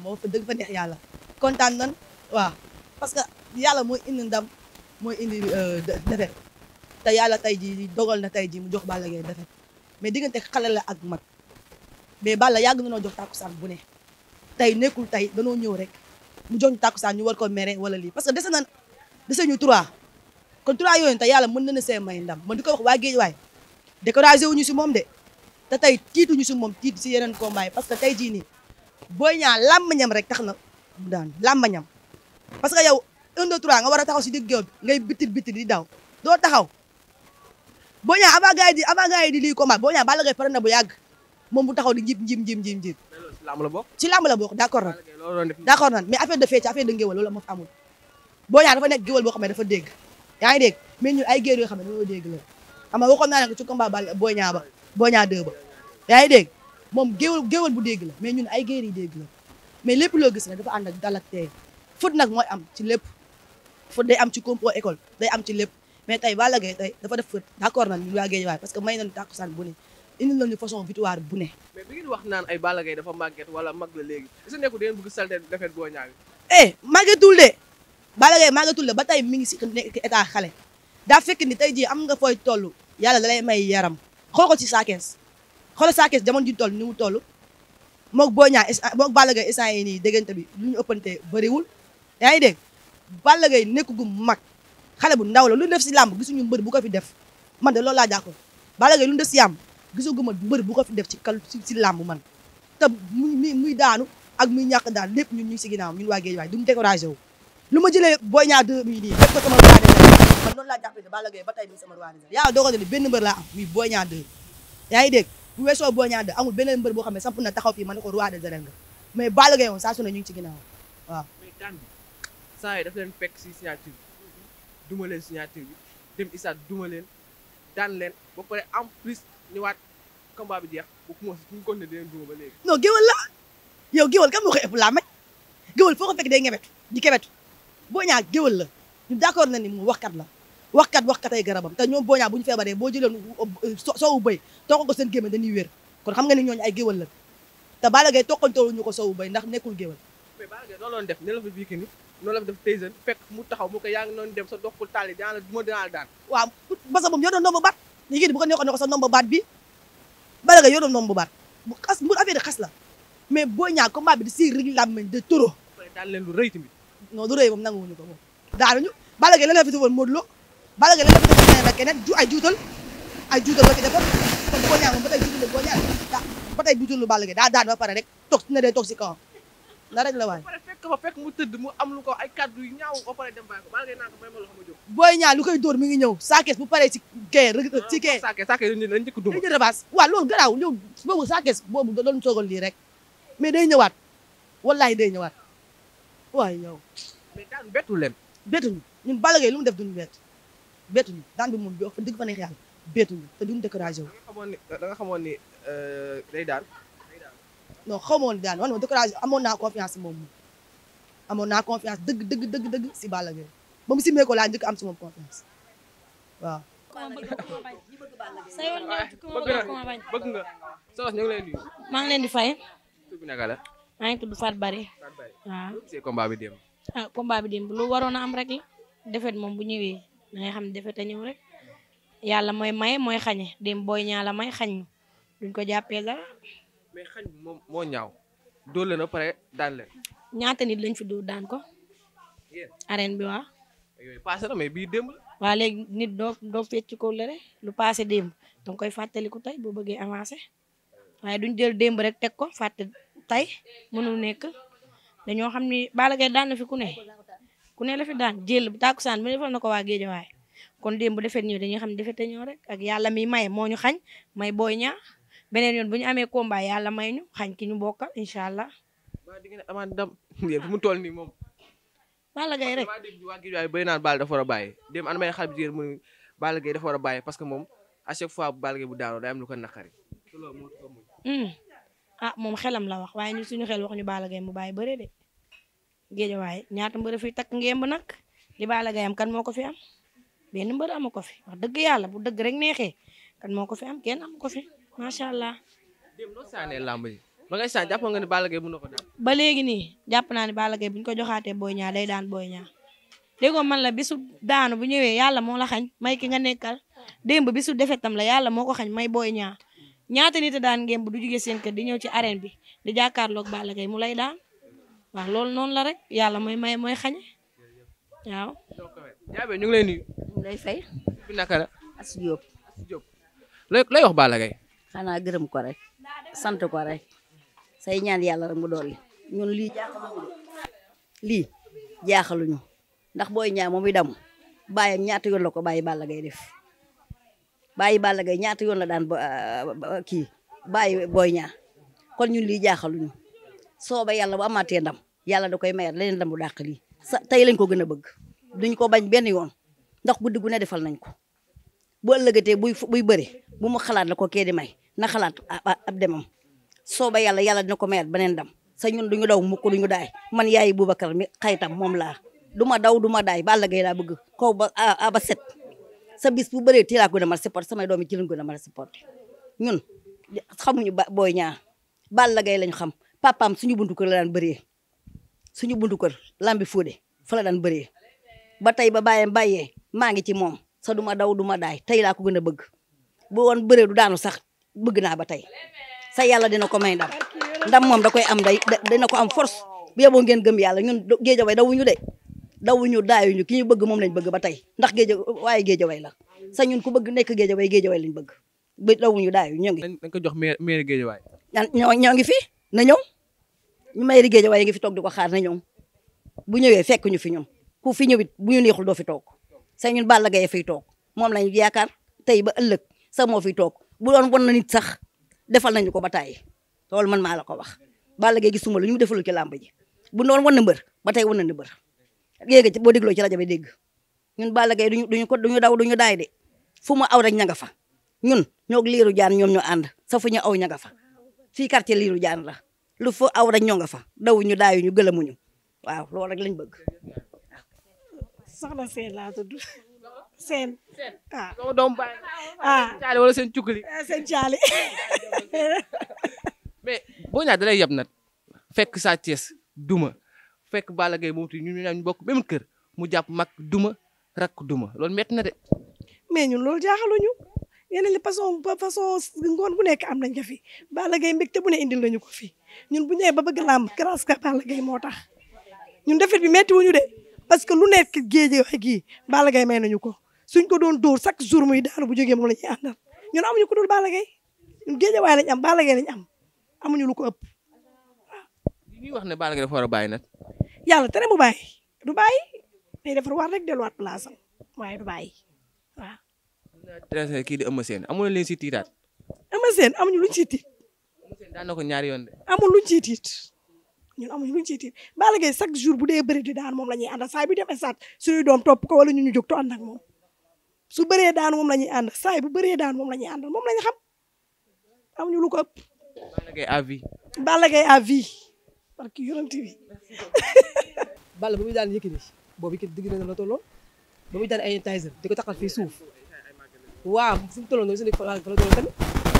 moo fa dëgg fa neex yàlla kontaan nan waaw parce que yàlla mooy indi ndam mooy indi euh, defet te yàlla tey ji dogal na tey ji mu jox Balla Gaye defet mais diggante xale la ak mag mais Balla yàgg na noo jox tàkkusaan bu ne tey nekkul tey danoo ñëw rek mu jox ñu tàkkusaan ñu war ko mere wala lii parce que dese nan dese ñu trois kon trois yooyu te yàlla mën na ne see may ndam man di ko wax waa géej waay découragé wuñu si moom de te tey tiituñu si moom tiit si yeneen combat yi parce que tey jii nii Boy Niang làmbañam rek tax na mu daan làmbañam parce que yow un deux trois nga war a taxaw si digg géew bi ngay di daw doo taxaw Boy Niang avant gars yi di avant gars yi di lii combat Boy Niang Balla Gaye pare na bu yàgg moom bu taxaw di njib njib njib njib njib ci làmb la bokk d' accord nan d' accord nan mais affaire de fecc affaire de ngéwal loolu moo boo xam ne dafa dégg yaa ngi dégg mais ñun ay yoo xam ne dañoo dégg la xam nga waxoon naa ne ci combat Balla Boy Niang ba Boy Niang 2 yaa ngi dégg moom géwél géwél bu dégg la mais ñun ay géer yi dégg mais lépp loo gis ne dafa ànd ak dal ak tey foot nag mooy am ci lépp foot day am ci compo école day am ci lépp mais tey Balla Gaye tey dafa def foot d'accord nañ ñun waa Guédiawaye parce que may nañu tàkkusaan bu ne ini nañu façon victoire bu ne. mais bi ngeen wax naan ay Balla Gaye dafa màgget wala mag la léegi est-ce que nekkul da ngeen bëgg salte defet boo ñaawi. eh màggetul de Balla Gaye ba tey mi ngi si nekk état xale daa fekk ni tey jii am nga fooy toll yàlla da may yaram xool ko ci saakees xoolal Sa Thiès jamono ji toll ni mu toll moog Boy Niang moog Balla Gaye nii déggante bi lu ñu ëppante bëriwul yaa ngi dégg Balla Gaye nekk gu mag xale bu ndaw la lu def si làmb gisuñu mbër bu ko fi def man de loolu laa jàkkoon Balla Gaye lu def si yàmb gisaguma mbër bu ko fi def ci kal si làmb man te muy muy daanu ak muy ñàkk daal lépp ñun ñu ngi ñun waa géej waay duñ découragé wu lu ma jëlee Boy Niang 2 mii nii def ko sama roi des arènes ne Balla Gaye ba tey mi sama roi des arènes yàlla dogal na ni benn am muy Boy Niang yaa ngi dégg bu weesoo boo Niang 2 amul beneen mbër boo xam ne samp na taxaw fii ma ne ko roi des arènes nga mais Balla Gaye moom saa su ngi ci ginnaaw waaw. mais daan bi saa yi daf leen fekk si signature duma leen signature bi dem Issa duma leen daan leen ba pare en plus ñëwaat combat bi jeex ba ku ma fi ñu ko ne dinañ duma ba léegi. non géwal la yow géwal kan moo ko ëpp laa maj foo ko fekk day ngebetu boo kebetu Boy Niang géwal la ñu d'accord na ni mu waxkat la. waxkat waxkat ay garabam te ñoom booñaa bu ñu feebaree boo jëloon sowu bëy toog ko seen gémmiñ dañuy wér kon xam nga ni ñooñu ay géwal la te Balla Gaye toqantoo ñu ko sowu bëy ndax nekkul géwal mais Balla Gaye loolu def ne la fa biiki ni noonu la def Tyson fekk mu taxaw mu ko yaa ngi noonu dem sa doxul taal yi dinaa la duma dinaa la daan waaw basa moom yoo doon nomba baat léegi bu ko neexoon ne ko sa nomba baat bi Balla Gaye yoo doon nomba baat bu xas bu affaire xas la mais boo ñaa combat bi di si riñ làmmiñ de toro daan leen lu rëy tamit non lu rëy moom nanguwuñu ko moom daanuñu Balla Gaye la la fi si woon Modou Lo Balla Gaye la def keneen ak keneen ju ay juutal ay juutal la fi defoon kon boo ñaan moom ba tey juutal boo ñaan daa ah, ba tey juutal Balla Gaye daa daan ba pare rek toog na dee toog si kawam la rek la waay. fekk fa fekk mu tëdd mu am lu ko ay kàddu yu ñaaw ba pare dem bàyyi ko Balla Gaye naa ko may ma loxo ma jóg. booy ñaan lu koy dóor mi ngi ñëw saakees bu paree si kee rek si ah, kee. saakees saakees dañu dañu njëkk a dóor dañu rebaas waaw loolu garaaw loolu boobu saakees boobu doon soogal lii rek mais day ñëwaat wallahi day ñëwaat waaye yow. mais daal bettu leen. bettuñu ñun Balla Gaye lu mu def duñu bett beetuñu daan bi moom bi dëgg fa neex yàlla te duñ découragé wu. da nga xamoon ni euh, daan. non xaw ma woon daan man ma découragé amoon naa confiance dëgg dëgg dëgg dëgg si Balla Gaye ba si mee ko njëkk am si moom confiance waaw. bëgg nga soxna maa ngi leen di fay. maa ngi tudd Fatou Bari. Fatou Bari waaw. combat bi ah, lu waroon a am rek la. moom bu ñëwee. da ngay xam ne defete ñëw rek yàlla mooy maye mooy xañe dem booy ñaa may xañ ñu duñ ko jàppee dara. mais xañ moom moo ñaaw dóor leen pare daan leen. ñaata nit lañ fi dóor daan ko. arène bi wa yooyu paase na démb la. waa léegi nit doo doo fecc ko lere lu paase démb danga koy fàttaliku tey boo bëggee avancé waaye duñ jël démb rek teg ko fàtte tey mënu nekk dañoo xam ni Balla Gaye daan na fi ku ne ku ne la fi daan jël bu tàkkusaan bu ne defal na ko waa Géejawaay kon démb bu defet ñëw dañuy xam ne defete ñëw rek ak yàlla mi maye moo ñu xañ may booy ñaa beneen yoon bu ñu amee combat yàlla may ñu xañ ki ñu bokkal incha allah. waaw di ngeen amaat ndam fu mu toll nii moom. Balla Gaye rek waaw waa Géejawaay bay naan baal dafa war a bàyyi dem an may xar bi jigéen mu ne a Gaye dafa war a bàyyi parce que moom a chaque fois Balla Gaye bu daanoo day am lu ko naqari. Hmm. ah moom xelam la wax waaye ñun suñu xel wax ñu Balla Gaye mu bàyyi bëre de waaye ñaata mbër fi takk ngemb nag li Balla Gaye am kan moo ko fi am benn mbër amu ko fi wax dëgg yàlla bu dëgg rek neexee kan moo ko fi am kenn amu ko fi macha allah. démb noo saanee làmb yi ba ngay saan nga ni Balla Gaye mën na ko daan. ba léegi nii jàpp naa ne Balla bu ñu ko joxaatee Boy Niang day daan ñaa Niang déggoo man la bisu daanu bu ñëwee yàlla moo la xañ may ki nga nekkal démb bisu defetam la yàlla moo ko xañ may booy Niang ñaata nit a daan ngeen du jugee seen kër di ñëw ci arène bi di jàkkaarloog Balla Gaye mu lay daan waaw loolu noonu la rek yàlla mooy may mooy xañe waaw. jaabe lay nuyu. lay fay. naka la. Asou Diop. Asou Diop looy wax Balla Gaye. xanaa gërëm ko rek. sant ko rek. say ñaan yàlla rek mu dolli. ñun lii jaaxaluñu lii ndax booy ñaan moom itam bàyyam ñaata yoon la ko bàyyi Balla gay def bàyyi Balla Gaye ñaata yoon la daan kii bàyyi booy ñaa kon ñun lii jaaxaluñu sooba yàlla bu amaatee dam yàlla da koy mayat leneen la mu dàq lii sa tey lañ ko gën a bëgg duñ ko bañ benn yoon ndax guddi gu ne defal nañ ko bu ëllëgatee buy buy bëri bu mu xalaat la ko kee di may na xalaat ab demam ba yàlla yàlla dina ko mayat beneen dam sa ñun du ñu daw mukk ñu daay man yaayi Boubacar mi xaytam moom laa du ma daw du ma daay ba àllgay laa bëgg kaw ba ba set sa bis bu bëree ti laa gën a mën a supporté samay doom yi ci lañ gën a mën a supporté ñun xamuñu ba booy ñaar Balla Gaye lañ xam papaam suñu buntu kër la daan bëree suñu buntu kër lambi fuude fa la daan bëree ba tey ba bàyyee bàyyee maa ngi ci moom sa duma daw duma daay tey laa ko gën a bëgg bu woon bëree du daanu sax bëgg naa ba tey sa yàlla dina ko may ndam dam moom da koy am day dina ko am force bu yeboo ngeen gëm yàlla ñun géejaway dawuñu de dawuñu daayuñu ki ñu bëgg moom lañ bëgg ba tey ndax géeja waaye géejaway la sa ñun ku bëgg nekk géejaway géejaway lañ bëgg ba dawuñu daayuñu ñoo ngi. dañ ko jox maire maire géejawaay. ñoo ñoo ngi fi na ñëw. ñu may liggéey waaye ngi fi toog di ko xaar ne ñoom bu ñëwee fekk ñu fi ñun ku fi ñëwit bu ñu neexul doo fi toog sa ñun Balla Gaye fiy toog moom lañu yaakaar tey ba ëllëg sa moo fiy toog bu doon won na nit sax defal nañu ko ba tàyyi loolu man maa la ko wax Balla Gaye gisuma lu ñu defalul ci làmb ji bu doon wan na mbër ba tey wan na mbër léegi boo dégloo ci rajo bi dégg ñun Balla Gaye duñu duñu ko duñu daw duñu daay de fu mu aw rek ña nga fa ñun ñoo liiru jaan ñoom ñoo ànd sa fu ñu aw ña nga fa fii quartier liiru jaan la lu fa aw rek ñoo nga fa dawuñu daayuñu gëlëmuñu waaw loolu rek lañ bëgg. soxna seen laa tudd seen. ah doomu baay ah seen cukkali. seen caali. mais yab nag fekk Sa duma fekk Balla Gaye moom ñu ñu bokk même kër mu jàpp mag duma rakk duma loolu metti de. mais ñun loolu jaaxaluñu. yeneen li façon façon ngoon bu nekk am nañ ko fi Balla Gaye mbégte bu ne indil nañu ko fi ñun bu ñëwee ba bëgg làmb grâce à Balla Gaye moo tax ñun defet bi metti wuñu de parce que lu nekk géej waay gii Balla Gaye may nañu ko suñ ko doon dóor chaque jour muy daanu bu jógee moom la ñuy àndal ñun amuñu ko dul Balla Gaye ñun géej waay lañ am Balla Gaye lañ am amuñu lu ko ëpp ñuy wax ne Balla Gaye dafa war a yàlla tere mu bàyyi du bàyyi day defar war rek delluwaat place am du bàyyi tracé kii di Eumeu Sène amul leen si tiitaat. Eumeu Sène amuñu lu si tiit. Eumeu ko ñaari yoon de. amul luñ si tiit ñun amuñu luñ si tiit Balla Gaye chaque jour bu dee bëri di daan moom la ñuy àndal saa bi dem stade topp ko wala ñu ñu jóg to ànd ak su bëree daan moom la ñuy ànd saa bu bëree daan moom la ñuy àndal moom la ñu xam amuñu lu ko ëpp. Balla Gaye à vie. Balla Gaye à vie. parce bu muy daan Yékini boobu Yékini digg na la tolloo ba muy daan ay Tyson di ko taxal fii suuf. waaw fu mu tolloon suñu fa la tolloon tamit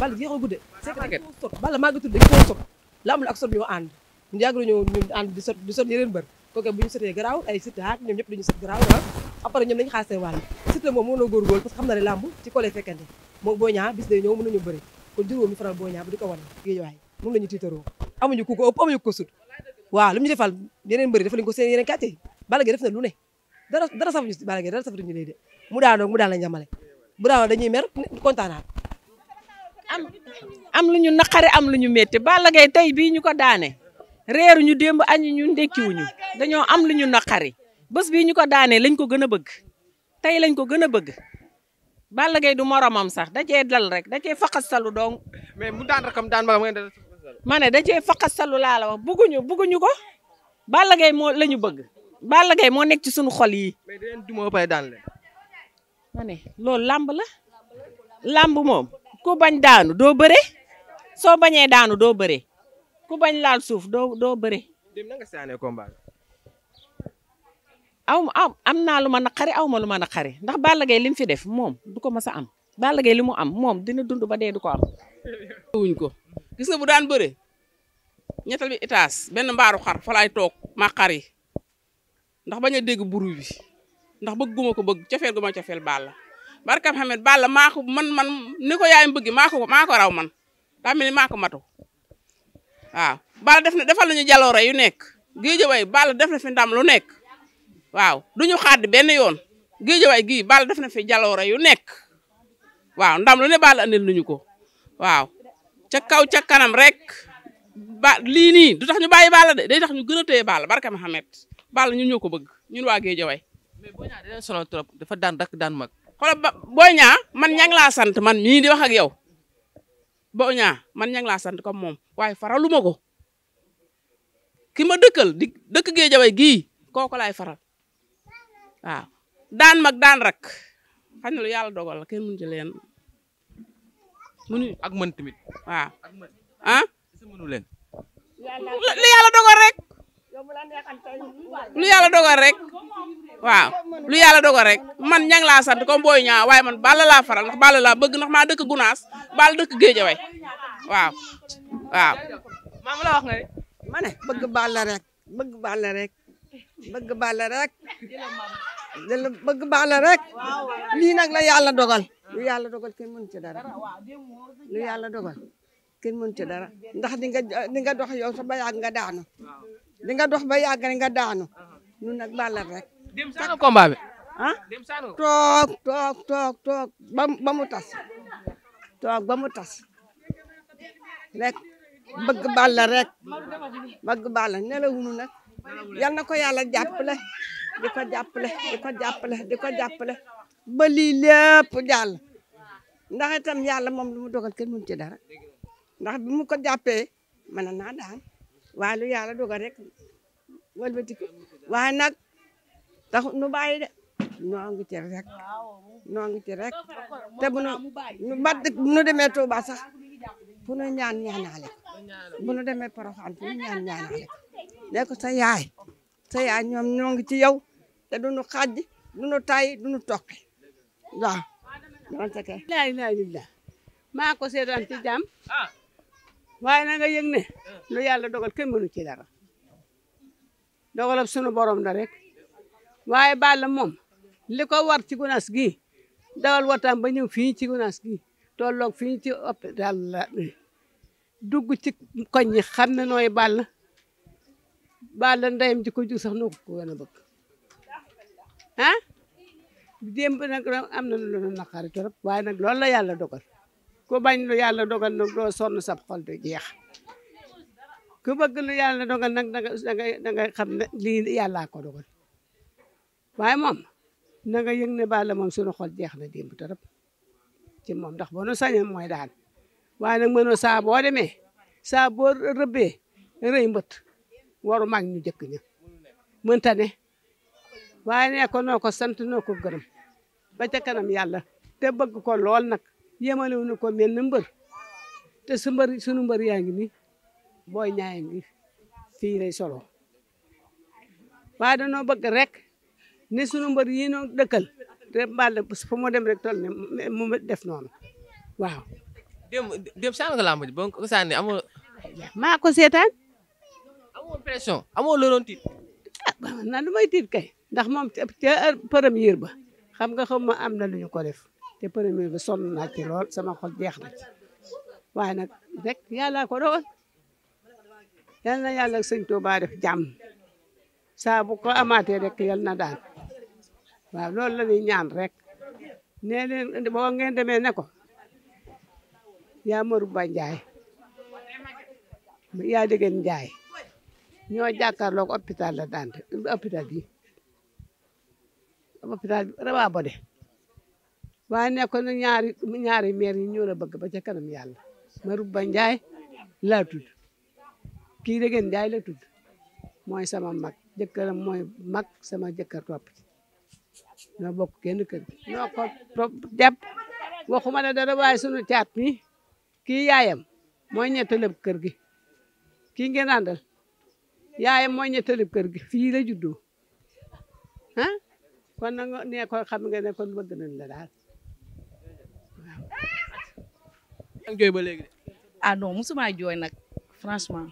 Balla jeexagu de c'est que dañ koo sot Balla màggatul dañ koo sot lamb ak sot ñoo ànd ñu yàgg nañoo ñun ànd di sot di sot yeneen bër kooku bu ñu sotee garaawul ay site ak ñoom ñëpp dañu sot garaawul ah après ñoom dañu xaar seen wàll site moom mën na góorgóorlu parce que xam na ne lamb ci kolee fekkante moom boo ñaa bis day ñëw mën nañu bëri kon juróomi faral boo ñaa bu di ko wane géej waay moom la ñu tiitaroo amuñu ku ko ëpp amuñu ko sut waaw lu mu ñu defal yeneen bëri dafa lañ ko seen yeneen kàcce Balla Gaye def na lu ne dara dara safuñu Balla Gaye dara safuñu lay de mu daanoo mu daan la ñamale bu daaw dañuy mer kontaanaat. am am lu ñu naqare am lu ñu metti Balla Gaye tey bii ñu ko daane reer ñu démb añu ñu ndekkiwuñu dañoo am lu ñu naqari bés bii ñu ko daane lañ ko gën a bëgg tey lañ ko gën a bëgg. Balla Gaye du moromam sax da jee dal rek da cee faqasalu dong. mais mu daan rakam daan maanaam. ma ne da cee faqasalu laa la wax bëgguñu bëgguñu ko. Balla gay moo la ñu bëgg. Balla gay moo nekk ci suñu xol yi. mais daan leen. ma ne loolu làmb la làmb moom ku bañ daanu doo bëre soo bañee daanu doo bëre ku bañ laal suuf doo doo bëre. dem na nga saanee combat aw am am naa lu ma xari aw ma lu man ma naqari ndax Balla Gaye li fi def moom du ko mës a am Balla Gaye li mu am moom dina dund ba dee du ko am. wuñ ko gis nga bu daan bëre ñettal bi étage benn mbaaru xar fa toog maa xar ndax bañ a dégg buru bi. ndax bëgg guma ko bëgg cafeel gu ma cafeel Balla barkam xamet Balla maa ko man man ni ko yaayam bëgg maa ko maa ko raw man daa mel ni maa ko matu waaw Balla def na defal nañu jaloore yu nekk géejawaay Balla def na fi ndam lu nekk waaw duñu xaadi benn yoon géejawaay gii Balla def na fi jaloore yu nekk waaw ndam lu ne Balla andil nañu ko waaw ca kaw ca kanam rek ba lii nii du tax ñu bàyyi Balla de day tax ñu gën a téye Balla barkam xamet Balla ñun ñoo ko bëgg ñun waa géejawaay mais boo ñaa dina sonal dafa daan rak daan mag. xoolal ba boo ñaa man ña laa sant man mii de wax ak yow boo ñaa man ña laa sant kom moom waaye faralu ma ko ki ma dëkkal di dëkk Géejawaay gii kooku laay faral waaw daan mag daan rak xam ne lu yàlla dogal la kenn mënu ci leen mënu ak mën tamit waaw ah mënu leen li rek lu yàlla dogal rek waaw lu yàlla dogal rek man ñang laa sant ko booy ñaa waaye man Balla laa faral ndax Balla laa bëgg ndax maa dëkk Gunaas Balla dëkk Géejawaay waaw waaw. maam bëgg Balla rek bëgg Balla rek bëgg bala rek jël bëgg Balla rek nag la yàlla dogal. lu yàlla dogal kenn mënu ci dara lu yàlla dogal kenn mënu ci dara ndax di nga di dox yow sa ba yàgg nga daanu. di nga dox ba yàgg nga daanu ñun nag bàllal rek. dem saano combat bi ah. dem saano toog toog toog ba mu ba tas toog ba mu tas rek bëgg bàlla rek bëgg bàlla nelawuñu nag yal na ko yàlla jàppale di ko jàppale di ko jàppale di ko jàppale ba lii lépp jàll ndax itam yàlla moom lu mu dogal kenn mënu ci dara ndax bi mu ko jàppee mën naa daan. waaye lu yàlla dogal rek walbatiku waaye nag tax nu bàyyi de noo ngi ci rek noo ngi ci rek te bu nu bat bu nu demee Touba sax fu nu ñaan bu nu demee Porokhane fu nu ñaan ñaanaale ne ko sa yaay sa yaay ñoom ñoo ci yow te du nu xàjj du nu tàyyi du nu tokki waaw. maa ko waaye na nga yëg ne lu yàlla dogal kenn mënu ci dara dogalab sunu borom la rek waaye Balla moom li ko war ci gunaas gi dawal wataam ba ñëw fii ci gunaas gi tolloog fii ci hôpital dugg ci koñ ñi xam ne nooy Balla Balla ndeyam ji ko jug sax noo ko gën a bëgg ah démb nag am na lu na naqari torop waaye nag loolu la yàlla dogal ku bañ lu yàlla dogal nag doo sonn sab xol du jeex ku bëgg lu yàlla dogal nag danga xam ne lii yàllaa ko dogal waaye moom na nga yëg ne Balla moom suñu xol jeex na démb torop ci moom ndax boo sa sañoon mooy daan waaye nag mënoo saa boo demee saa boo rëbbee rëy waru mag ñu jëkk ña mënta ne waaye nee ko noo ko sant ba ca kanam yàlla te bëgg ko lool nag yemale wu ko mel na mbër te su mbër sunu mbër yaa ngi nii booy ñaaya ngi fii lay solo waaye danoo bëgg rek ne sunu mbër yi noo dëkkal te mbal fa dem rek tol ne mu def noonu waaw. démb démb sànq nga làmb ji ba ko sànni amoo. maa ko seetaan. amoo pression amoo loroon ah na lu may tiit kay ndax moom ca première ba xam nga xam ma am na lu ko def. te premier bi sonn naa ci lool sama xol jeex na ci nag rek yàlla ko doon yal na yàlla ak sëñ Tuubaa def jàmm saa ko amate rek yal na daan waaw loolu la ñuy ñaan rek nee leen boo ngeen demee ne ko yaa maru ba njaay yaa dégeen njaay ñoo jàkkaarloo ko hôpital la daan hôpital bi hôpital bi rabaa bode waaye nekkoon na ñaari ñaari meer yi ñoo la bëgg ba ca kanam yàlla Marouba Ndiaye laa tudd kii Degen Ndiaye la tudd mooy sama mag jëkkëram mooy mag sama jëkkër topp ci ñoo bokk kenn kër gi ñoo ko topp jàpp waxuma ne dara waaye sunu caat mi kii yaayam mooy ñettalib kër gi kii ngeen àndal yaayam mooy ñettalib kër gi fii la juddoo ah kon nag nee ko xam nga ne kon bëgg nañ la daal ak jooy ba léegi. ah non musuma jooy nag franchement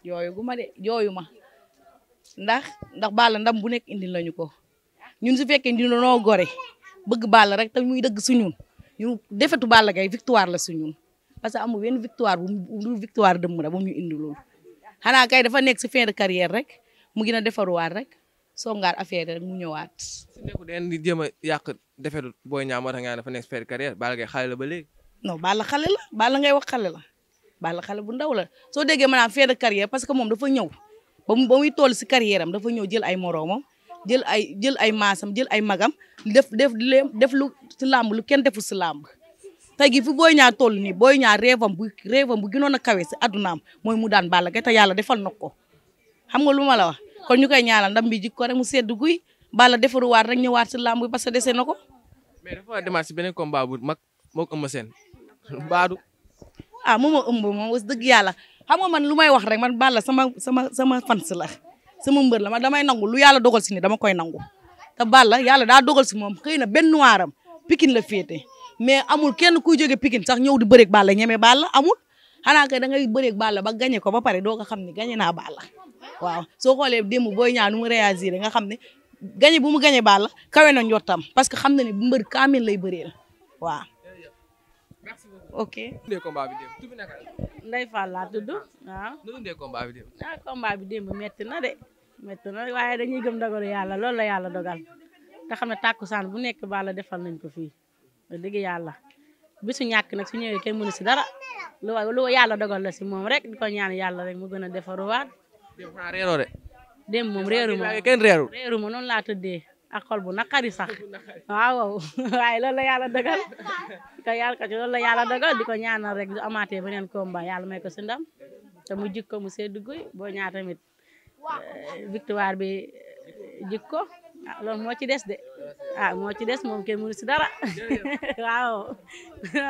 jooyu gu ma de jooyu ma ndax ndax baala ndam bu nekk indi lañu ko ñun su fekkee ñu noo gore bëgg Balla rek te muy dëgg suñu ñu defetu Balla Gaye victoire la suñu parce que amul benn victoire bu mu victoire mu la ba ñu indi loolu xanaa kay dafa nekk si fin de carrière rek mu gën a defaruwaat rek soo affaire rek mu ñëwaat. su nekk da ngeen di jéem a yàq defetu Boy Niang moo tax nga dafa nekk si fin de carrière Balla Gaye la ba léegi. non Balla xale la Balla ngay wax xale la Balla xale bu ndaw la soo déggee maanaam fin de carrière parce que moom dafa ñëw ba mu muy toll si carrière am dafa ñëw jël ay moroomam jël ay jël ay maasam jël ay magam def def def lu si làmb lu kenn deful si làmb tey gi fi booy ñaar tool ni booy ñaar réevam bu réevam bu ginoon a kawe si addunaam mooy mu daan Balla Gaye te yàlla defal na ko xam nga lu ma la wax kon ñu koy ñaanal ndam bi jik ko mu sedd guy Balla defaruwaat rek ñëwaat si làmb parce que dese na ko. mais dafa demaat si beneen combat bu mag moo ko Eumeu Sène baadu ah mu ma ëmb moom wax dëgg yàlla xam nga man lu may wax rek man Balla sama sama sama fans la sama mbër la man damay nangu lu yàlla dogal si ni dama koy nangu te Balla yàlla daa dogal si moom xëy na benn waaram pikin la féete mais amul kenn kuy jóge pikin sax ñëw di bëreeg Balla ñeme Balla amul xanaa kay da ngay bëreeg Balla ba gañe ko ba pare doo nga xam ne gañe naa baala waaw soo xoolee démb booy ñaa nu mu réagir nga xam ne gañe bu mu gañe Balla kawe na njottam parce que xam na ne mbër kaamil lay bëreel waaw ok. dundee combat bi démb tur bi naka la. Ndeye Fall laa tudd waaw. nu dundee combat bi démb. ah combat bi démb metti na de metti na waaye dañuy gëm dogalu yàlla loolu la yàlla dogal te xam ne tàkkusaan bu nekk Balla defal nañ ko fii wax dëgg yàlla bisu ñàkk nag su ñëwee kenn mënu si dara lu lu yàlla dogal la si moom rek di ko ñaan yàlla rek mu gën a defaruwaat. démb xanaa réeroo de. démb moom réeru ma kenn réeru. réeru ma noonu laa tëddee. ak xol bu naqari sax waaw waaye loolu la yàlla dëggal ko yàlla ko ci loolu la yàlla dëggal di ko ñaanal rek du amaatee beneen combat yàlla may ko si ndam te mu jik ko mu seddu guy boo ñaar tamit eh, victoire bi eh, jik ko ah moo ci des de ah moo ci des moom kenn mënu si dara waaw